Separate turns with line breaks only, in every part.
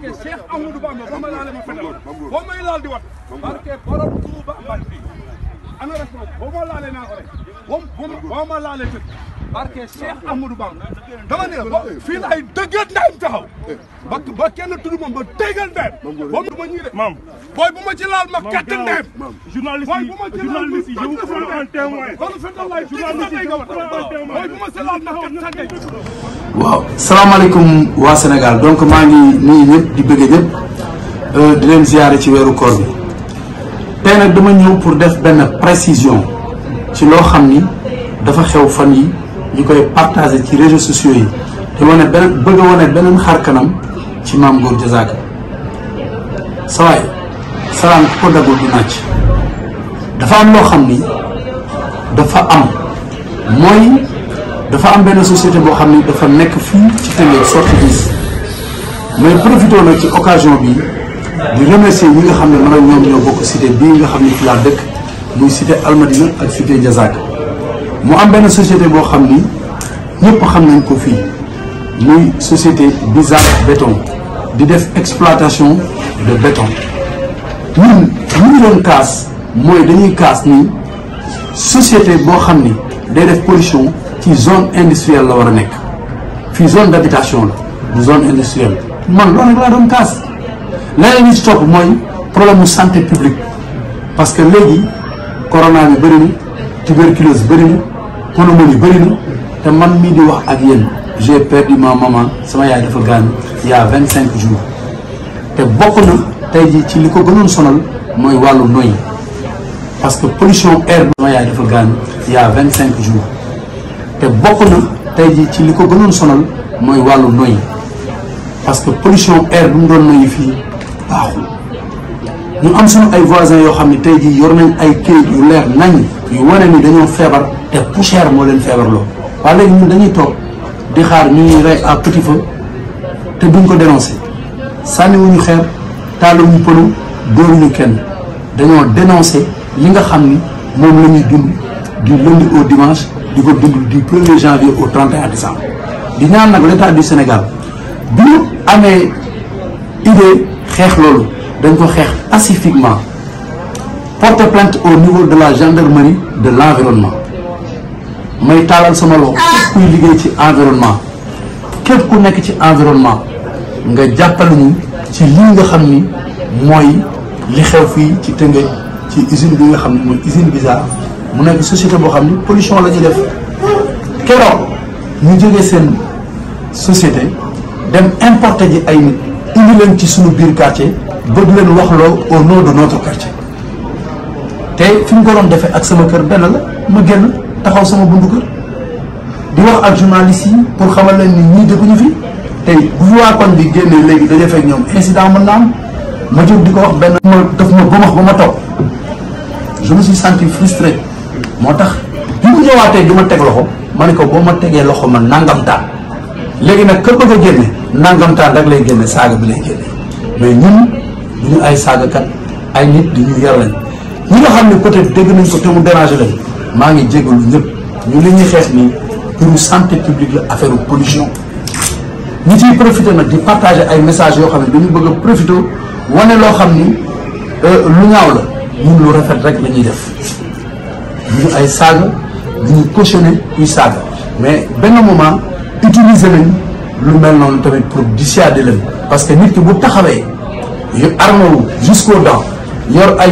barke Cheikh Amadou Bamba boo may laale ma fenal boo may laal di wat barke borom Touba Mbacke ana rasmo boo ma laale naa ko rek boo boo ma laale tëj barke Cheikh Amadou Bamba dama ne la fii laay dëggal ndeyam taxaw ba ba kenn tudd moom ba dëggal ndeyam boobu du ma ñii de maam booy bu ma ci laal ma katt ndeyam journaliste yi journaliste yi je vous prends en témoin
journaliste yi je vous prends en témoin booy bu ma ci laal ma katt ndeyam waaw salaamaaleykum waa Sénégal donc maa ngi nuyu ñëpp di bëgg ñëpp euh, di leen ziare ci weeru koor bi tey nag dama ñëw pour def benn précision ci loo xam ni dafa xew fan yi ñu koy partager ci réseaux sociaux yi te wane beneen bëgg a wane beneen xar kanam ci Mame Goor Diazaka sa waay salaam ku ko dagul du nàcc dafa am loo xam ni dafa am mooy dafa am benn société boo xam ni dafa nekk fii ci Tëngéej sorti bis mais profité nag ci occasion bi di remercier ñi nga xam ne man ak ñoom ñoo bokk cité bii nga xam ne fi dëkk muy cité Almadina ak cité Ndiazak mu am benn société boo xam ni ñëpp xam nañ ko fii muy société Bizak béton di def exploitation de béton ñun ñu doon kaas mooy dañuy kaas ni société boo xam ni day def pollution ci zone industrielle la war a nekk fii zone d' habitation la du zone industrielle man loolu laa doon kaas leneen li ci mooy problème mu santé publique parce que léegi corona bi bëri na tuberculose bëri na pneumonie bëri na te man mii di wax ak yéen j'ai perdu ma maman sama yaay dafa gaañu il vingt cinq jours te bokk na tey jii ci li ko gënoon sonal mooy wàllu noyyi parce que pollution air bi sama yaay dafa gaañu il vingt cinq jours te bokk na tey jii ci li ko gënoon sonal mooy wàllu noyyi parce que pollution air bi mu doon noyyi fii baaxul ñu am suñu ay voisins yoo xam ne tey jii yor nañ ay këyit yu leer nañ yu wane ni dañoo feebar te poussière moo leen feebarloo waaye léegi dañuy toog di xaar ñu ñuy rey à petit feu te duñ ko dénoncé sànniwuñu xeer taaluñu pënu dóoruñu kenn dañoo dénoncé li nga xam ni moom lañuy ñuy dund du lundi au dimanche di ko dund du premier janvier au 31 décembre di ñaan nag l'état du Sénégal bu ñu amee idée xeex loolu dañ ko xeex pacifiquement porter plainte au niveau de la gendarmerie de l'environnement may taalal sama loxo képp kuy liggéey ci environnement képp ku nekk ci environnement nga jàppale ñu ci lii nga xam ni mooy li xew fii ci Tëngéej ci usine bi nga xam ne mooy usine bizarre mu nekk société boo xam ni pollution la ñuy def keroog ñu jógee seen société dem importer ji ay nit indi ci suñu biir quartier bëgg leen waxloo au nom de notre quartier te fi mu ko doon defee ak sama kër benn la ma génn taxaw sama bundu kër di wax ak journaliste yi pour xamal leen ni ñii dëkkuñu fi tey bu waa kon bi génnee léegi dañuy fekk ñoom incident mën na ma jóg di ko wax benn. ma daf ma ba ma taw je me suis moo tax bi mu ñëwaatee di ma teg loxo ma ne ko boo ma tegee loxo ma nangamtaan léegi nag ka bëgg a génne nangamtaan rek lay génne saaga bi lay génne mais ñun du ñu ay saagakat ay nit du ñu yar lañ ñi nga xam ne peut-être dégg nañ ko te mu déranger lañ maa ngi jégalu ñëpp ñu li ñuy xeex nii pour santé publique la affaire pollution ñi ciy profité ma di partager ay messages yoo xam ne dañu bëgg a profité wane loo xam ni euh, lu ñaaw la ñun lu rafet rek lañuy def. du ñu ay saaga du ñu kuy saaga mais benn moment utiliser nañ lu mel noonu tamit pour dissuader leen parce que nit ki bu taxawee yu armé yor ay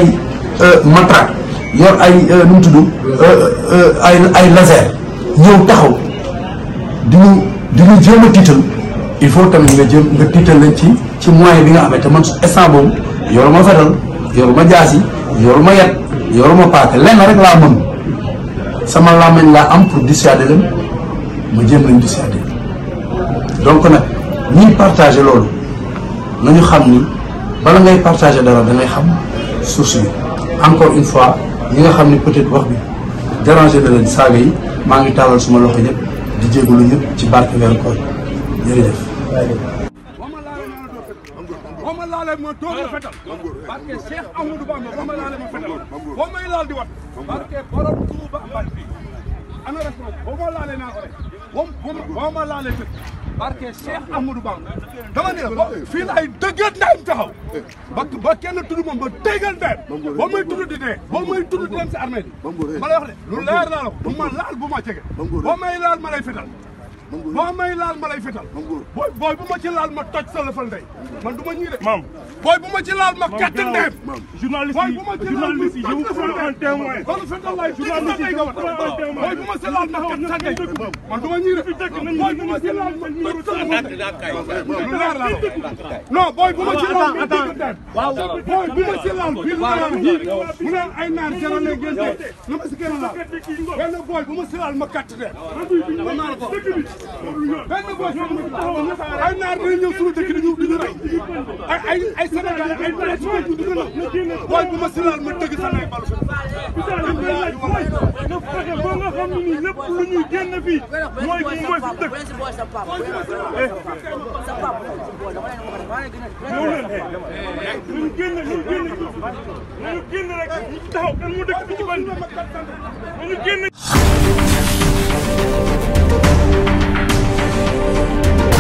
euh, matraque yor ay euh, nu mu euh, ay ay laser taxaw di ñu di ñu jéem a tiital il faut tamit nga jëm nga tiital leen ci ci moyen bi nga xamante man instant boobu yoruma fetal yoruma jaasi yoruma yor ma paaka lenn rek laa mën. sama làmmiñ laa am pour dissuader leen ma jéem leen dissuader donc nag ñuy partager loolu nañu xam ni bala ngay partager dara da ngay xam source bi encore une fois ñi nga xam ni peut-être wax bi déranger na leen saaga yi maa ngi taalal suma loxo ñëpp di jégalu ñëpp ci barke weeru koor jërëjëf.
parce que Cheikh noonu boo may laal di wat barke borom Tuuba Mbàkke bi ana restaurant boo ma laalee naa ko de boo ma laalee tëj barke Cheikh Ahmadou Bamba dama ne la fii laay dëggat ndeyam taxaw ba ba kenn ba déggal ndeyam boo may tudd di dee boo may tudd di dem si armée lu leer naa bu ma laal bu ma jege boo may laal ma lay fital boo may laal ma lay fetal booy booy bu ma ci laal ma toj sa lëfal ndey man du ma ñii de maam booy bu ma ci laal ma katt ndeem journaliste yi journaliste yi je vous prends en témoin loolu fetal laay journaliste yi booy bu ma ci laal ma katt sa ndey man du ma ñii de booy bu ma ci laal ma toj sa lëfal ndey non booy bu ma ci laal ma katt ndeem booy bu ma ci laal bi laal ñii mu naan ay naar jarale gën de la ma si gën a laal benn booy bu ma ci laal ma katt ndeem ma naa la ko benn boo si ay naar dina ñëw suñu dëkk di ñu di ñu rey ay ay ay Sénégal ay traite su ñu dina la booy bu ma sinal ma dëgg sa nay bal fu na fexe ba nga xam ne nii lépp lu ñuy génn fii mooy bu mooy fi dëkk yow leen ñu génn ñu génn ñu génn rek ñu taxaw kan mu dëkk bi ci ban ñu génn Thank you.